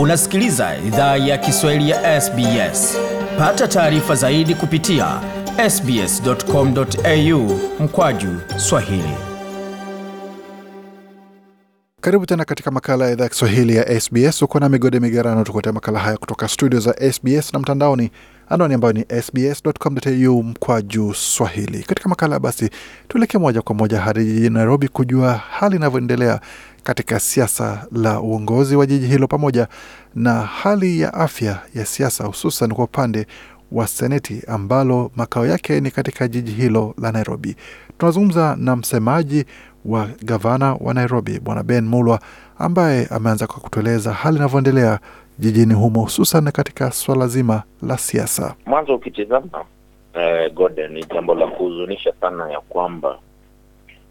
Unasikiliza idhaa ya Kiswahili ya SBS. Pata taarifa zaidi kupitia sbs.com.au mkwaju swahili. Karibu tena katika makala ya idhaa ya Kiswahili ya SBS. huko na Migode Migerano tukuletea makala haya kutoka studio za SBS na mtandaoni, anwani ambayo ni sbs.com.au juu swahili. Katika makala basi, tuelekee moja kwa moja hadi jijini Nairobi kujua hali inavyoendelea katika siasa la uongozi wa jiji hilo pamoja na hali ya afya ya siasa, hususan kwa upande wa seneti ambalo makao yake ni katika jiji hilo la Nairobi. Tunazungumza na msemaji wa gavana wa Nairobi Bwana Ben Mulwa ambaye ameanza kwa kutueleza hali inavyoendelea jijini humo hususan katika swala zima la siasa. Mwanzo ukitizama eh, ni jambo la kuhuzunisha sana ya kwamba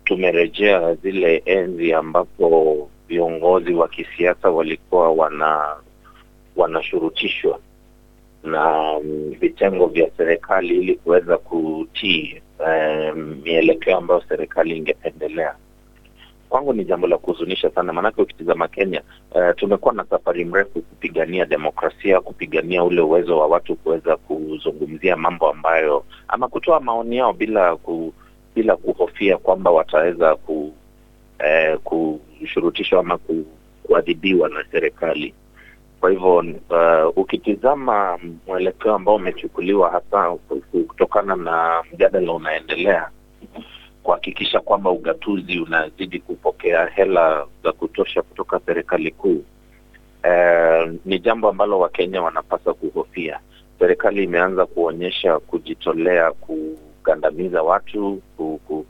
tumerejea zile enzi ambapo viongozi wa kisiasa walikuwa wana wanashurutishwa na mm, vitengo vya serikali ili kuweza kutii um, mielekeo ambayo serikali ingependelea. Kwangu ni jambo la kuhuzunisha sana, maanake ukitizama Kenya, uh, tumekuwa na safari mrefu kupigania demokrasia, kupigania ule uwezo wa watu kuweza kuzungumzia mambo ambayo ama kutoa maoni yao bila ku, bila kuhofia kwamba wataweza ku, eh, kushurutishwa ama ku, kuadhibiwa na serikali. Kwa hivyo uh, ukitizama mwelekeo ambao umechukuliwa hasa kutokana na mjadala unaendelea kuhakikisha kwamba ugatuzi unazidi kupokea hela za kutosha kutoka serikali kuu, eh, ni jambo ambalo Wakenya wanapaswa kuhofia. Serikali imeanza kuonyesha kujitolea ku kukandamiza watu,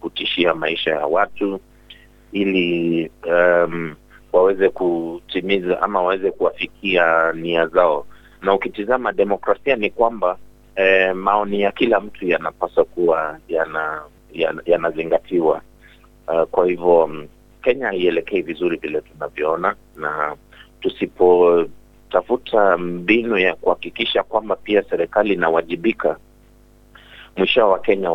kutishia maisha ya watu ili um, waweze kutimiza ama waweze kuwafikia nia zao. Na ukitizama demokrasia ni kwamba eh, maoni ya kila mtu yanapaswa kuwa yanazingatiwa, yana, yana uh, kwa hivyo um, Kenya haielekei vizuri vile tunavyoona, na tusipotafuta mbinu ya kuhakikisha kwamba pia serikali inawajibika mwisho wa kenya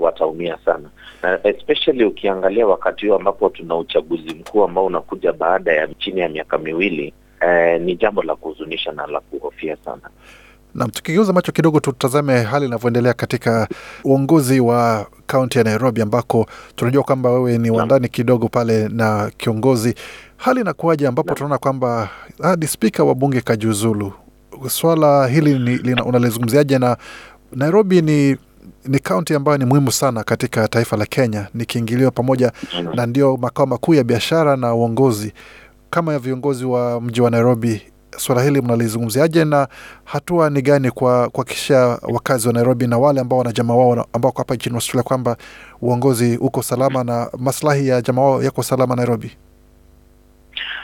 wataumia sana, na especially ukiangalia wakati huu ambapo tuna uchaguzi mkuu ambao unakuja baada ya chini ya miaka miwili. Eh, ni jambo la kuhuzunisha na la kuhofia sana. Nam, tukigeuza macho kidogo, tutazame hali inavyoendelea katika uongozi wa kaunti ya Nairobi, ambako tunajua kwamba wewe ni wandani kidogo pale na kiongozi. Hali inakuwaje ambapo tunaona kwamba hadi ah, spika wa bunge kajiuzulu? Swala hili unalizungumziaje na Nairobi ni ni kaunti ambayo ni muhimu sana katika taifa la Kenya, ni kiingilio pamoja na ndio makao makuu ya biashara na uongozi. Kama viongozi wa mji wa Nairobi, suala hili mnalizungumziaje na hatua ni gani kwa kuhakikisha wakazi wa Nairobi na wale ambao wana jamaa wao ambao hapa nchini Australia kwamba uongozi uko salama na maslahi ya jamaa wao yako salama Nairobi?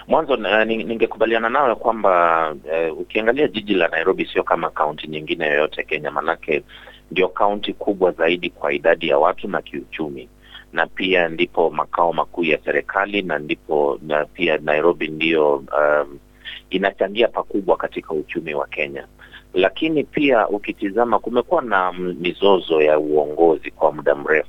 Mwanzo eh, ningekubaliana nao ya kwamba uh, ukiangalia jiji la Nairobi sio kama kaunti nyingine yoyote Kenya, manake ndio kaunti kubwa zaidi kwa idadi ya watu na kiuchumi, na pia ndipo makao makuu ya serikali na ndipo na pia Nairobi ndiyo um, inachangia pakubwa katika uchumi wa Kenya. Lakini pia ukitizama, kumekuwa na mizozo ya uongozi kwa muda mrefu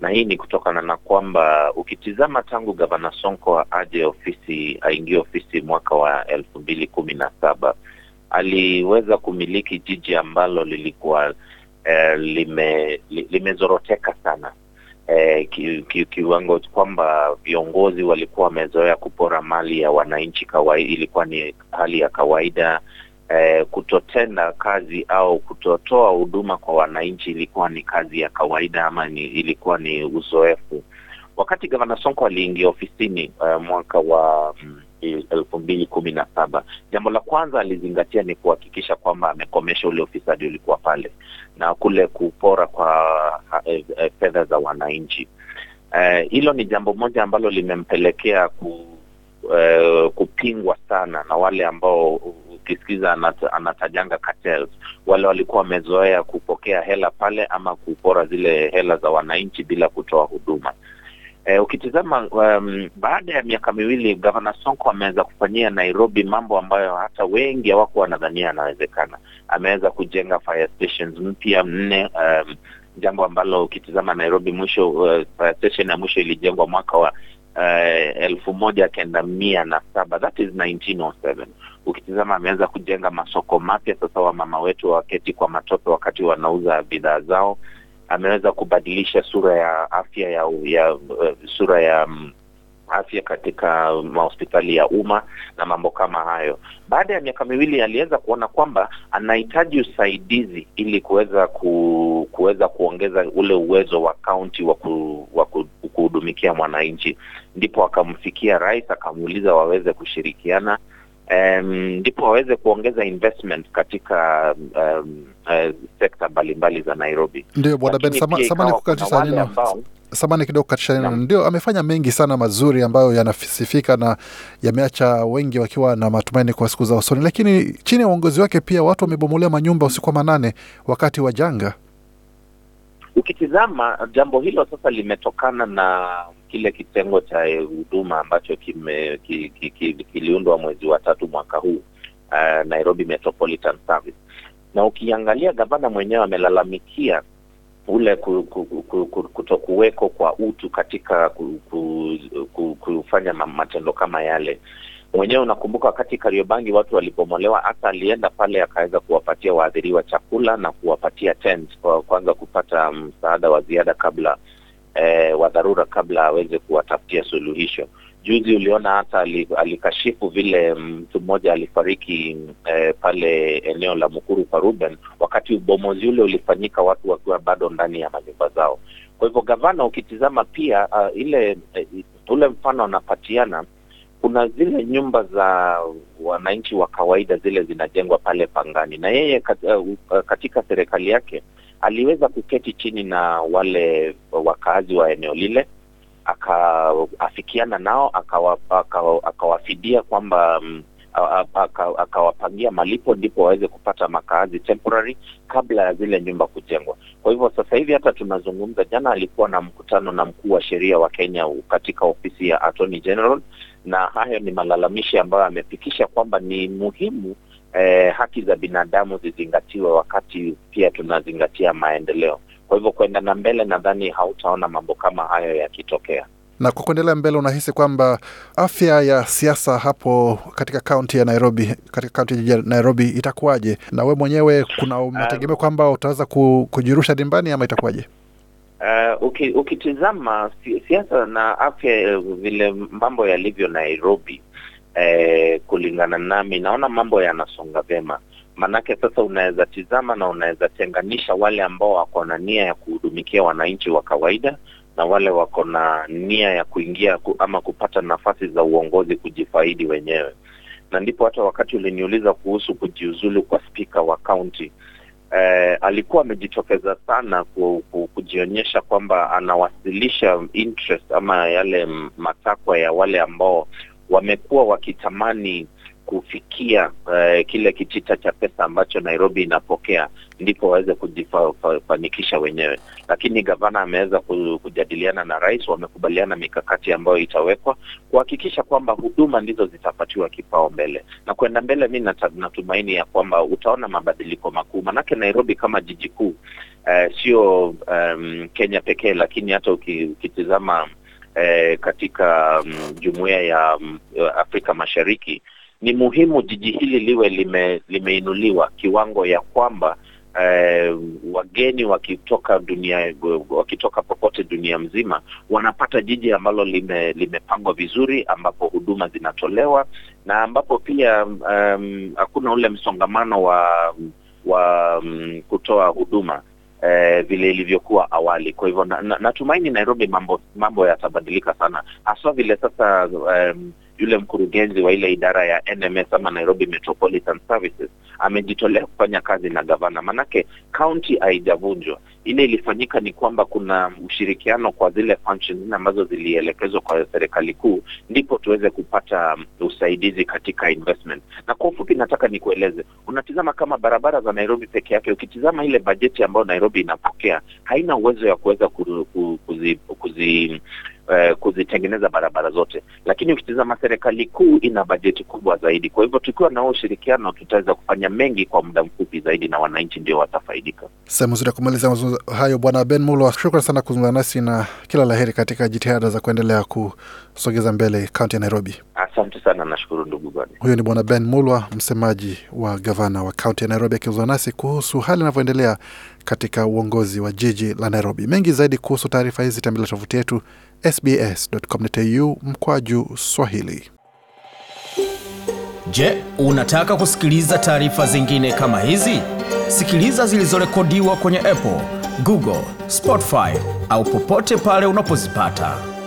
na hii ni kutokana na kwamba ukitizama tangu gavana Sonko aje ofisi, aingie ofisi mwaka wa elfu mbili kumi na saba aliweza kumiliki jiji ambalo lilikuwa eh, lime, limezoroteka sana eh, ki, ki, kiwango kwamba viongozi walikuwa wamezoea kupora mali ya wananchi kawaida, ilikuwa ni hali ya kawaida eh, kutotenda kazi au kutotoa huduma kwa wananchi ilikuwa ni kazi ya kawaida ama ni, ilikuwa ni uzoefu. Wakati Gavana Sonko aliingia ofisini eh, mwaka wa mm, elfu mbili kumi na saba jambo la kwanza alizingatia ni kuhakikisha kwamba amekomesha ule ufisadi ulikuwa pale na kule kupora kwa eh, eh, fedha za wananchi eh, hilo eh, ni jambo moja ambalo limempelekea ku, eh, kupingwa sana na wale ambao ukisikiza anata, anatajanga cartels. Wale walikuwa wamezoea kupokea hela pale ama kupora zile hela za wananchi bila kutoa huduma. E, ukitizama um, baada ya miaka miwili Gavana Sonko ameweza kufanyia Nairobi mambo ambayo hata wengi hawakuwa wanadhania yanawezekana. Ameweza kujenga fire stations mpya nne, um, jambo ambalo ukitizama Nairobi mwisho uh, station ya mwisho ilijengwa mwaka wa uh, elfu moja kenda mia na saba that is ukitizama ameanza kujenga masoko mapya. Sasa wamama wetu waketi kwa matope wakati wanauza bidhaa zao. Ameweza kubadilisha sura ya afya ya, ya eh, sura ya mm, afya katika mahospitali mm, ya umma na mambo kama hayo. Baada ya miaka miwili, aliweza kuona kwamba anahitaji usaidizi ili kuweza ku, kuweza kuongeza ule uwezo wa kaunti wa ku, wa kuhudumikia mwananchi, ndipo akamfikia rais akamuuliza waweze kushirikiana ndipo um, waweze kuongeza investment katika um, uh, sekta mbalimbali za Nairobi. Ndio Bwana Ben, samani kukatisha neno, samani kidogo kukatisha neno. Ndio amefanya mengi sana mazuri ambayo yanasifika na yameacha wengi wakiwa na matumaini kwa siku za usoni, lakini chini ya uongozi wake pia watu wamebomolea manyumba usiku wa manane wakati wa janga. Ukitizama jambo hilo sasa limetokana na kile kitengo cha eh, huduma ambacho kime, ki, ki, ki, kiliundwa mwezi wa tatu mwaka huu uh, Nairobi Metropolitan Service, na ukiangalia gavana mwenyewe amelalamikia ule kutokuweko kwa utu katika kufanya matendo kama yale Mwenyewe unakumbuka wakati Kariobangi watu walipomolewa hata alienda pale akaweza kuwapatia waathiriwa chakula na kuwapatia tent kwa kwanza kupata mm, msaada wa ziada kabla eh, wa dharura kabla aweze kuwatafutia suluhisho. Juzi uliona hata alikashifu vile mm, mtu mmoja alifariki eh, pale eneo la Mukuru kwa Ruben, wakati ubomozi ule ulifanyika watu wakiwa bado ndani ya manyumba zao. Kwa hivyo gavana, ukitizama pia uh, ile uh, ule mfano anapatiana kuna zile nyumba za wananchi wa kawaida zile zinajengwa pale Pangani, na yeye eh, eh, katika serikali yake aliweza kuketi chini na wale wakaazi wa eneo lile, akaafikiana nao, akawafidia kwamba mm, akawapangia malipo ndipo waweze kupata makaazi temporary kabla ya zile nyumba kujengwa. Kwa hivyo sasa hivi hata tunazungumza, jana alikuwa na mkutano na mkuu wa sheria wa Kenya katika ofisi ya Attorney General na haya ni malalamishi ambayo amefikisha kwamba ni muhimu eh, haki za binadamu zizingatiwe wakati pia tunazingatia maendeleo. Kwa hivyo kuenda na mbele, nadhani hautaona mambo kama hayo yakitokea. Na kwa kuendelea mbele, unahisi kwamba afya ya siasa hapo katika kaunti ya Nairobi, katika kaunti ya jiji ya Nairobi itakuwaje? Na we mwenyewe kuna mategemeo um, kwamba utaweza kujirusha dimbani ama itakuwaje? Uh, uki, ukitizama siasa na afya uh, vile mambo yalivyo Nairobi eh, kulingana nami naona mambo yanasonga vyema, maanake sasa unaweza tizama na unaweza tenganisha wale ambao wako na nia ya kuhudumikia wananchi wa kawaida na wale wako na nia ya kuingia ku, ama kupata nafasi za uongozi kujifaidi wenyewe, na ndipo hata wakati uliniuliza kuhusu kujiuzulu kwa spika wa kaunti eh, alikuwa amejitokeza sana ku, ku, kujionyesha kwamba anawasilisha interest ama yale matakwa ya wale ambao wamekuwa wakitamani kufikia uh, kile kitita cha pesa ambacho Nairobi inapokea ndipo waweze kujifanikisha wenyewe. Lakini gavana ameweza kujadiliana na rais, wamekubaliana mikakati ambayo itawekwa kuhakikisha kwamba huduma ndizo zitapatiwa kipao mbele na kwenda mbele. Mi natumaini ya kwamba utaona mabadiliko makuu, manake Nairobi kama jiji kuu uh, sio um, Kenya pekee, lakini hata ukitizama uh, katika um, mm, jumuiya ya um, Afrika Mashariki ni muhimu jiji hili liwe lime, limeinuliwa kiwango ya kwamba eh, wageni wakitoka dunia wakitoka popote dunia mzima wanapata jiji ambalo lime, limepangwa vizuri ambapo huduma zinatolewa na ambapo pia hakuna um, ule msongamano wa wa um, kutoa huduma eh, vile ilivyokuwa awali. Kwa hivyo na, na, natumaini Nairobi mambo mambo yatabadilika sana, haswa vile sasa um, yule mkurugenzi wa ile idara ya NMS ama Nairobi Metropolitan Services amejitolea kufanya kazi na gavana, manake kaunti haijavunjwa. Ile ilifanyika ni kwamba kuna ushirikiano kwa zile functions ambazo zilielekezwa kwa serikali kuu, ndipo tuweze kupata usaidizi katika investment. Na kwa ufupi, nataka nikueleze, unatizama kama barabara za Nairobi peke yake, ukitizama ile bajeti ambayo Nairobi inapokea haina uwezo ya kuweza kuzi, kuzi, kuzi eh, kuzitengeneza barabara zote, lakini ukitizama serikali kuu ina bajeti kubwa zaidi. Kwa hivyo tukiwa na ushirikiano, tutaweza kufanya mengi kwa muda mfupi zaidi, na wananchi ndio watafaidika. Sehemu nzuri ya kumaliza mazungumzo hayo, Bwana Ben Mulo, shukran sana kuzungumza nasi na kila la heri katika jitihada za kuendelea kusogeza mbele kaunti ya Nairobi. Asante sana, nashukuru ndugu bwana. Huyo ni Bwana Ben Mulwa, msemaji wa gavana wa kaunti ya Nairobi, akizungumza nasi kuhusu hali inavyoendelea katika uongozi wa jiji la Nairobi. Mengi zaidi kuhusu taarifa hizi tembelea tovuti yetu sbs.com.au mkwaju Swahili. Je, unataka kusikiliza taarifa zingine kama hizi? Sikiliza zilizorekodiwa kwenye Apple, Google, Spotify au popote pale unapozipata.